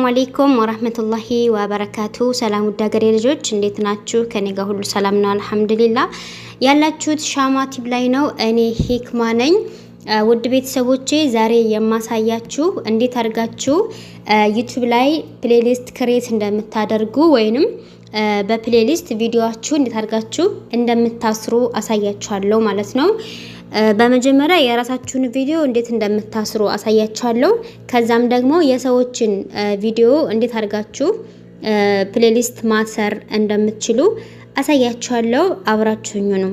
አሰላሙ አሌይኩም ወራህመቱላሂ ወበረካቱ። ሰላም ውድ ሀገሬ ልጆች እንዴት ናችሁ? ከኔ ጋር ሁሉ ሰላም ነው አልሐምዱሊላ። ያላችሁት ሻማ ቲብ ላይ ነው። እኔ ሂክማ ነኝ። ውድ ቤተሰቦቼ ዛሬ የማሳያችሁ እንዴት አድርጋችሁ ዩቱብ ላይ ፕሌሊስት ክሬት እንደምታደርጉ ወይንም በፕሌሊስት ቪዲዮችሁ እንዴት አድርጋችሁ እንደምታስሩ አሳያችኋለሁ ማለት ነው። በመጀመሪያ የራሳችሁን ቪዲዮ እንዴት እንደምታስሩ አሳያችኋለሁ። ከዛም ደግሞ የሰዎችን ቪዲዮ እንዴት አድርጋችሁ ፕሌሊስት ማሰር እንደምትችሉ አሳያችኋለሁ። አብራችሁኝ ነው።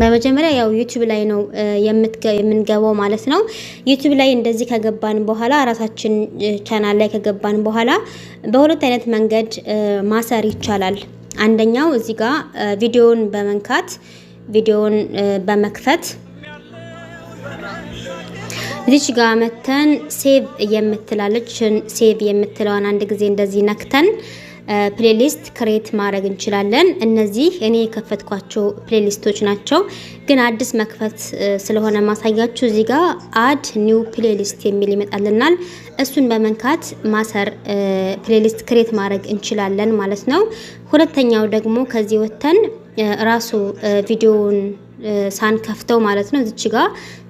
በመጀመሪያ ያው ዩቲዩብ ላይ ነው የምንገባው ማለት ነው። ዩቲዩብ ላይ እንደዚህ ከገባን በኋላ ራሳችን ቻናል ላይ ከገባን በኋላ በሁለት አይነት መንገድ ማሰር ይቻላል። አንደኛው እዚህ ጋር ቪዲዮውን በመንካት ቪዲዮውን በመክፈት እዚች ጋር መተን ሴቭ የምትላለች ሴቭ የምትለውን አንድ ጊዜ እንደዚህ ነክተን ፕሌሊስት ክሬት ማድረግ እንችላለን። እነዚህ እኔ የከፈትኳቸው ፕሌሊስቶች ናቸው፣ ግን አዲስ መክፈት ስለሆነ ማሳያችሁ እዚህ ጋር አድ ኒው ፕሌሊስት የሚል ይመጣልናል። እሱን በመንካት ማሰር ፕሌሊስት ክሬት ማድረግ እንችላለን ማለት ነው። ሁለተኛው ደግሞ ከዚህ ወጥተን ራሱ ቪዲዮውን ሳንከፍተው ማለት ነው እዚች ጋ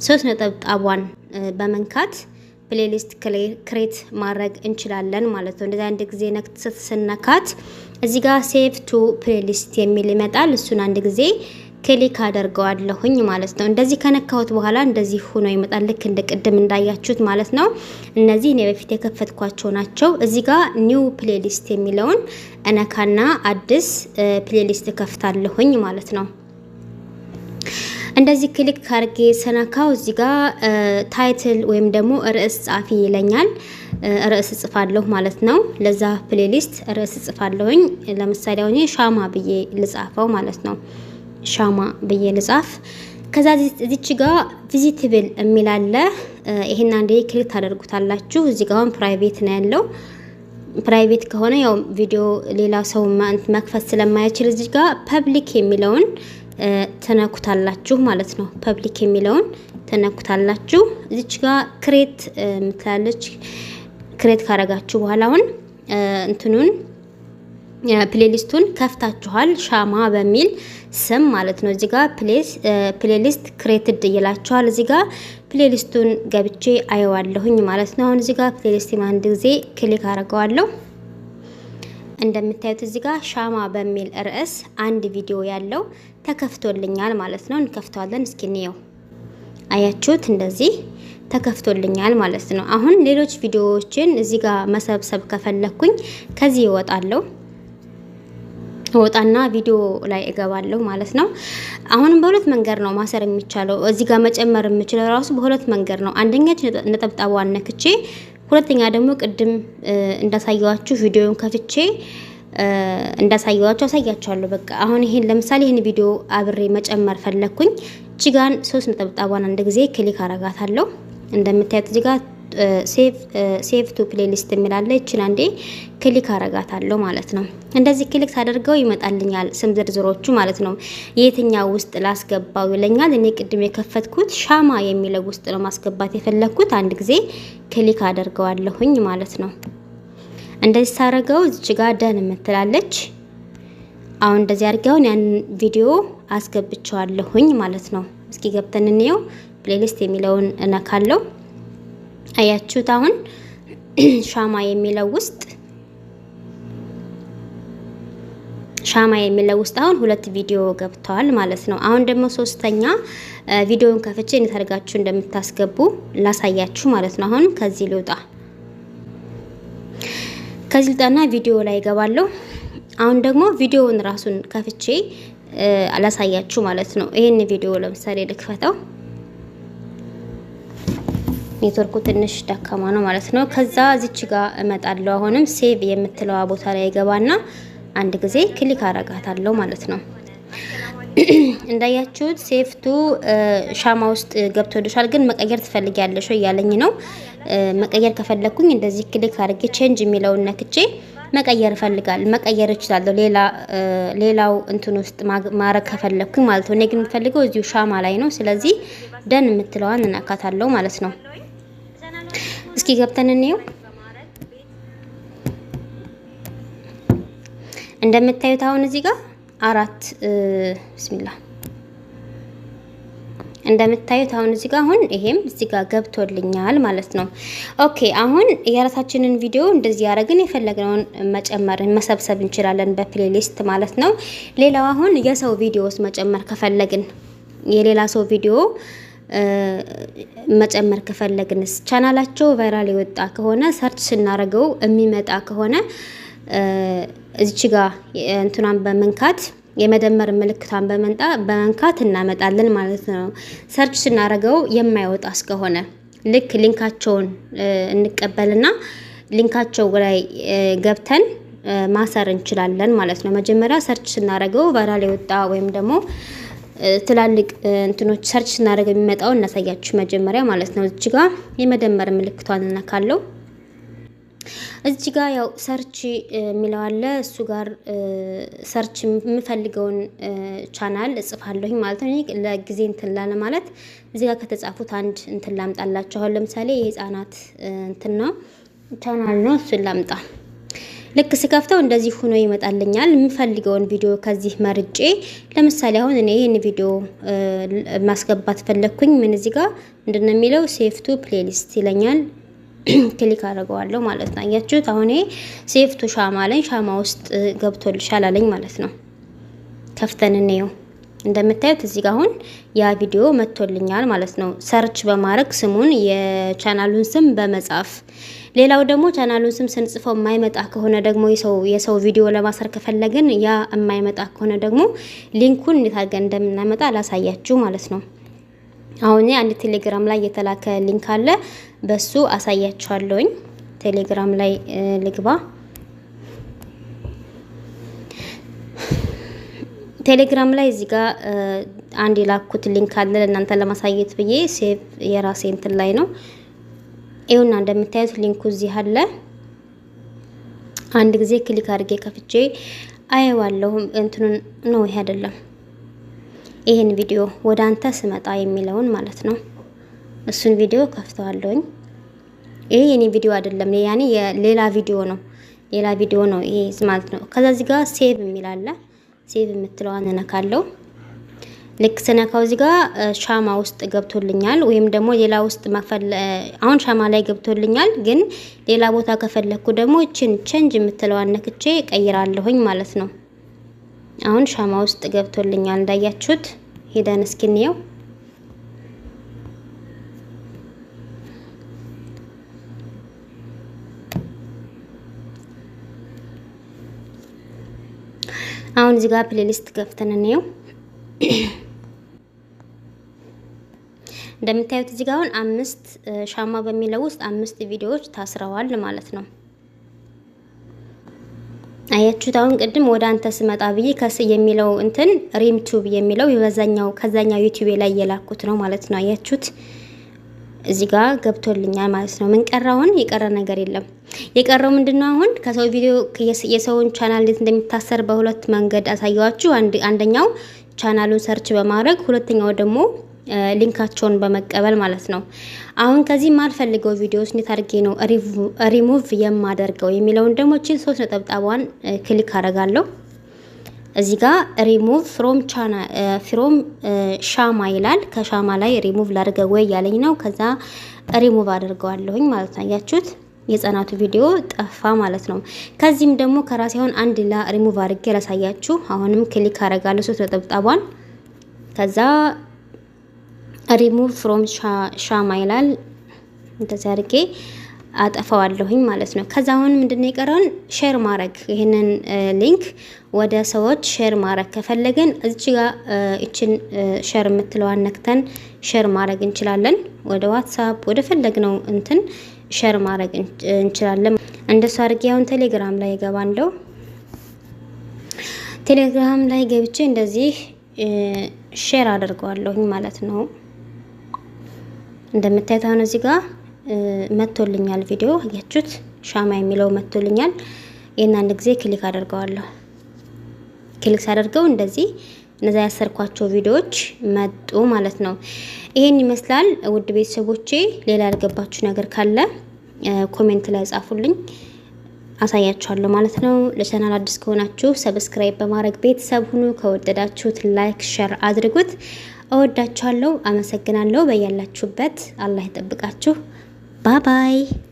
ሶስት ነጠብጣቧን በመንካት ፕሌሊስት ክሬት ማድረግ እንችላለን ማለት ነው። እንደዚህ አንድ ጊዜ ነክት ስነካት እዚህ ጋር ሴቭ ቱ ፕሌሊስት የሚል ይመጣል። እሱን አንድ ጊዜ ክሊክ አደርገዋለሁኝ ማለት ነው። እንደዚህ ከነካሁት በኋላ እንደዚህ ሆኖ ይመጣል። ልክ እንደ ቅድም እንዳያችሁት ማለት ነው። እነዚህ እኔ በፊት የከፈትኳቸው ናቸው። እዚህ ጋር ኒው ፕሌሊስት የሚለውን እነካና አዲስ ፕሌሊስት ከፍታለሁኝ ማለት ነው። እንደዚህ ክሊክ ካርጌ ሰነካው እዚህ ጋር ታይትል ወይም ደግሞ ርዕስ ጻፊ ይለኛል። ርዕስ ጽፋለሁ ማለት ነው። ለዛ ፕሌሊስት ርዕስ ጽፋለሁኝ። ለምሳሌ አሁን ሻማ ብዬ ልጻፈው ማለት ነው። ሻማ ብዬ ልጻፍ። ከዛ እዚች ጋ ቪዚትብል የሚል አለ። ይሄን አንዴ ክሊክ ታደርጉታላችሁ። እዚ ጋውን ፕራይቬት ነው ያለው። ፕራይቬት ከሆነ ያው ቪዲዮ ሌላ ሰው መክፈት ስለማይችል እዚ ጋ ፐብሊክ የሚለውን ትነኩታላችሁ ማለት ነው። ፐብሊክ የሚለውን ትነኩታላችሁ። እዚች ጋ ክሬት ምትላለች። ክሬት ካረጋችሁ በኋላ አሁን እንትኑን ፕሌሊስቱን ከፍታችኋል ሻማ በሚል ስም ማለት ነው። እዚጋ ፕሌሊስት ክሬትድ ይላችኋል። እዚጋ ፕሌሊስቱን ገብቼ አየዋለሁኝ ማለት ነው። አሁን እዚጋ ፕሌሊስት አንድ ጊዜ ክሊክ አድርገዋለሁ። እንደምታዩት እዚጋ ሻማ በሚል ርዕስ አንድ ቪዲዮ ያለው ተከፍቶልኛል ማለት ነው። እንከፍተዋለን እስኪ እንየው። አያችሁት እንደዚህ ተከፍቶልኛል ማለት ነው። አሁን ሌሎች ቪዲዮዎችን እዚጋ መሰብሰብ ከፈለኩኝ ከዚህ ይወጣለሁ። ወጣና ቪዲዮ ላይ እገባለሁ ማለት ነው። አሁንም በሁለት መንገድ ነው ማሰር የሚቻለው። እዚህ ጋር መጨመር የምችለው ራሱ በሁለት መንገድ ነው። አንደኛች ነጠብጣቧን ነክቼ፣ ሁለተኛ ደግሞ ቅድም እንዳሳየዋችሁ ቪዲዮን ከፍቼ እንዳሳየዋችሁ አሳያቸዋለሁ። በቃ አሁን ይሄን ለምሳሌ ይህን ቪዲዮ አብሬ መጨመር ፈለኩኝ። እጅጋን ሶስት ነጠብጣቧን አንድ ጊዜ ክሊክ አረጋታለሁ እንደምታዩት እጅጋ ሴቭ ቱ ፕሌሊስት የሚላለ ይችን አንዴ ክሊክ አረጋታለሁ ማለት ነው። እንደዚህ ክሊክ ሳደርገው ይመጣልኛል ስም ዝርዝሮቹ ማለት ነው። የትኛው ውስጥ ላስገባው ይለኛል። እኔ ቅድም የከፈትኩት ሻማ የሚለው ውስጥ ነው ማስገባት የፈለግኩት። አንድ ጊዜ ክሊክ አደርገዋለሁኝ ማለት ነው። እንደዚህ ሳረገው እዚች ደን የምትላለች አሁን እንደዚህ አድርገውን ያን ቪዲዮ አስገብቸዋለሁኝ ማለት ነው። እስኪ ገብተን እንየው። ፕሌሊስት የሚለውን እነካለው። አያችሁት? አሁን ሻማ የሚለው ውስጥ ሻማ የሚለው ውስጥ አሁን ሁለት ቪዲዮ ገብተዋል ማለት ነው። አሁን ደግሞ ሶስተኛ ቪዲዮውን ከፍቼ እንዴት አድርጋችሁ እንደምታስገቡ ላሳያችሁ ማለት ነው። አሁን ከዚህ ልውጣ፣ ከዚህ ልውጣና ቪዲዮ ላይ ገባለሁ አሁን ደግሞ ቪዲዮውን ራሱን ከፍቼ ላሳያችሁ ማለት ነው። ይሄን ቪዲዮ ለምሳሌ ልክፈተው። ኔትወርኩ ትንሽ ደካማ ነው ማለት ነው። ከዛ እዚች ጋር እመጣለሁ። አሁንም ሴቭ የምትለዋ ቦታ ላይ ይገባና አንድ ጊዜ ክሊክ አረጋታለሁ ማለት ነው። እንዳያችሁት ሴፍቱ ሻማ ውስጥ ገብቶ ገብቶልሻል፣ ግን መቀየር ትፈልጊያለሽ እያለኝ ነው። መቀየር ከፈለግኩኝ እንደዚህ ክሊክ አድርጌ ቼንጅ የሚለውን ነክቼ መቀየር እፈልጋል መቀየር እችላለሁ። ሌላው እንትን ውስጥ ማድረግ ከፈለግኩኝ ማለት ነው። እኔ ግን የምፈልገው እዚሁ ሻማ ላይ ነው። ስለዚህ ደን የምትለዋን እናካታለሁ ማለት ነው። እስኪ ገብተን እንየው። እንደምታዩት አሁን እዚህ ጋር አራት ብስሚላ እንደምታዩት አሁን እዚህ ጋር አሁን ይሄም እዚህ ጋር ገብቶልኛል ማለት ነው። ኦኬ አሁን የራሳችንን ቪዲዮ እንደዚህ ያደረግን የፈለግነውን መጨመር መሰብሰብ እንችላለን በፕሌሊስት ማለት ነው። ሌላው አሁን የሰው ቪዲዮስ መጨመር ከፈለግን የሌላ ሰው ቪዲዮ መጨመር ከፈለግንስ ቻናላቸው ቫይራል የወጣ ከሆነ ሰርች ስናደርገው የሚመጣ ከሆነ እዚች ጋ እንትናን በመንካት የመደመር ምልክቷን በመንጣ በመንካት እናመጣለን ማለት ነው። ሰርች ስናደርገው የማይወጣ እስከሆነ ልክ ሊንካቸውን እንቀበልና ሊንካቸው ላይ ገብተን ማሰር እንችላለን ማለት ነው። መጀመሪያ ሰርች ስናደርገው ቫይራል የወጣ ወይም ደግሞ ትላልቅ እንትኖች ሰርች ስናደርግ የሚመጣው እናሳያችሁ መጀመሪያ ማለት ነው። እዚህ ጋ የመደመር ምልክቷን እነካለው። እዚህ ጋ ያው ሰርች የሚለው አለ። እሱ ጋር ሰርች የምፈልገውን ቻናል እጽፋለሁ ማለት ነው። ለጊዜ እንትን ላለ ማለት እዚህ ጋር ከተጻፉት አንድ እንትን አሁን ለምሳሌ የህፃናት እንትን ነው ቻናል ነው፣ እሱን ላምጣ ልክ ስከፍተው እንደዚህ ሆኖ ይመጣልኛል። የምፈልገውን ቪዲዮ ከዚህ መርጬ ለምሳሌ አሁን እኔ ይህን ቪዲዮ ማስገባት ፈለግኩኝ። ምን እዚህ ጋር ምንድን ነው የሚለው ሴፍቱ ፕሌሊስት ይለኛል። ክሊክ አድርገዋለሁ ማለት ነው። አያችሁት? አሁን ሴፍቱ ሻማ ላይ ሻማ ውስጥ ገብቶልሻል አለኝ ማለት ነው። ከፍተን እንየው። እንደምታዩት እዚህ ጋር አሁን ያ ቪዲዮ መጥቶልኛል ማለት ነው። ሰርች በማድረግ ስሙን የቻናሉን ስም በመጻፍ ሌላው ደግሞ ቻናሉን ስም ስንጽፈው የማይመጣ ከሆነ ደግሞ የሰው ቪዲዮ ለማሰር ከፈለግን ያ የማይመጣ ከሆነ ደግሞ ሊንኩን እንዴት አድርገን እንደምናመጣ አላሳያችሁ ማለት ነው። አሁን አንድ ቴሌግራም ላይ የተላከ ሊንክ አለ፣ በሱ አሳያችኋለሁኝ። ቴሌግራም ላይ ልግባ ቴሌግራም ላይ እዚህ ጋር አንድ የላኩት ሊንክ አለ ለእናንተ ለማሳየት ብዬ ሴቭ የራሴ እንትን ላይ ነው። ይሁና እንደምታዩት ሊንኩ እዚህ አለ። አንድ ጊዜ ክሊክ አድርጌ ከፍቼ አየዋለሁም። እንትኑን ነው ይሄ አይደለም፣ ይሄን ቪዲዮ ወደ አንተ ስመጣ የሚለውን ማለት ነው። እሱን ቪዲዮ ከፍተዋለሁኝ። ይሄ የኔ ቪዲዮ አይደለም፣ ያኔ የሌላ ቪዲዮ ነው። ሌላ ቪዲዮ ነው ይሄ ማለት ነው። ከዛ እዚህ ጋር ሴቭ የሚል ሴቭ የምትለዋን እነካለሁ። ልክ ስነካው እዚህ ጋር ሻማ ውስጥ ገብቶልኛል፣ ወይም ደግሞ ሌላ ውስጥ አሁን ሻማ ላይ ገብቶልኛል። ግን ሌላ ቦታ ከፈለግኩ ደግሞ እችን ቼንጅ የምትለዋን ነክቼ ቀይራለሁኝ ማለት ነው። አሁን ሻማ ውስጥ ገብቶልኛል እንዳያችሁት። ሄደን እስኪ እንየው። አሁን እዚህ ጋር ፕሌሊስት ከፍተን እንየው። እንደምታዩት እዚህ ጋር አሁን አምስት ሻማ በሚለው ውስጥ አምስት ቪዲዮዎች ታስረዋል ማለት ነው። አያችሁት? አሁን ቅድም ወደ አንተ ስመጣ ብዬ ከስ የሚለው እንትን ሪም ቱብ የሚለው ይበዛኛው ከዛኛው ዩቲዩብ ላይ የላኩት ነው ማለት ነው። አያችሁት? እዚህ ጋር ገብቶልኛል ማለት ነው። ምን የቀረ ነገር የለም። የቀረው ምንድነው? አሁን ከሰው ቪዲዮ የሰውን ቻናል እንዴት እንደሚታሰር በሁለት መንገድ አሳየዋችሁ። አንደኛው ቻናሉን ሰርች በማድረግ ሁለተኛው ደግሞ ሊንካቸውን በመቀበል ማለት ነው። አሁን ከዚህ የማልፈልገው ቪዲዮስ እንዴት አድርጌ ነው ሪሙቭ የማደርገው የሚለውን ደግሞ ቺን ሶስት ነጠብጣቧን ክሊክ አደርጋለሁ። እዚህ ጋር ሪሙቭ ፍሮም ቻና ፍሮም ሻማ ይላል። ከሻማ ላይ ሪሙቭ ላድርገ ወይ ያለኝ ነው። ከዛ ሪሙቭ አድርገዋለሁኝ ማለት ነው። አያችሁት? የህጻናቱ ቪዲዮ ጠፋ ማለት ነው። ከዚህም ደግሞ ከራሴ አሁን አንድ ላ ሪሙቭ አድርጌ ላሳያችሁ። አሁንም ክሊክ አረጋለሁ ሶስት ነጠብጣቧን። ከዛ ሪሙቭ ፍሮም ሻማ ይላል። እንደዚህ አድርጌ አጠፋዋለሁኝ ማለት ነው። ከዛ አሁን ምንድነው የቀረውን ሼር ማድረግ ይህንን ሊንክ ወደ ሰዎች ሼር ማድረግ ከፈለግን እዚች ጋ እችን ሼር የምትለዋን ነክተን ሼር ማድረግ እንችላለን። ወደ ዋትሳፕ ወደ ፈለግነው እንትን ሼር ማድረግ እንችላለን። እንደሱ አድርጌ አሁን ቴሌግራም ላይ እገባለሁ። ቴሌግራም ላይ ገብቼ እንደዚህ ሼር አድርገዋለሁኝ ማለት ነው። እንደምታዩት አሁን እዚህ ጋር መቶልኛል። ቪዲዮ አያችሁት? ሻማ የሚለው መቶልኛል። ይህን አንድ ጊዜ ክሊክ አደርገዋለሁ። ክሊክ ሳደርገው እንደዚህ እነዛ ያሰርኳቸው ቪዲዮዎች መጡ ማለት ነው። ይሄን ይመስላል ውድ ቤተሰቦቼ። ሌላ ያልገባችሁ ነገር ካለ ኮሜንት ላይ ጻፉልኝ፣ አሳያችኋለሁ ማለት ነው። ለቻናል አዲስ ከሆናችሁ ሰብስክራይብ በማድረግ ቤተሰብ ሁኑ። ከወደዳችሁት ላይክ፣ ሸር አድርጉት። እወዳችኋለሁ። አመሰግናለሁ። በያላችሁበት አላህ ይጠብቃችሁ። Bye bye.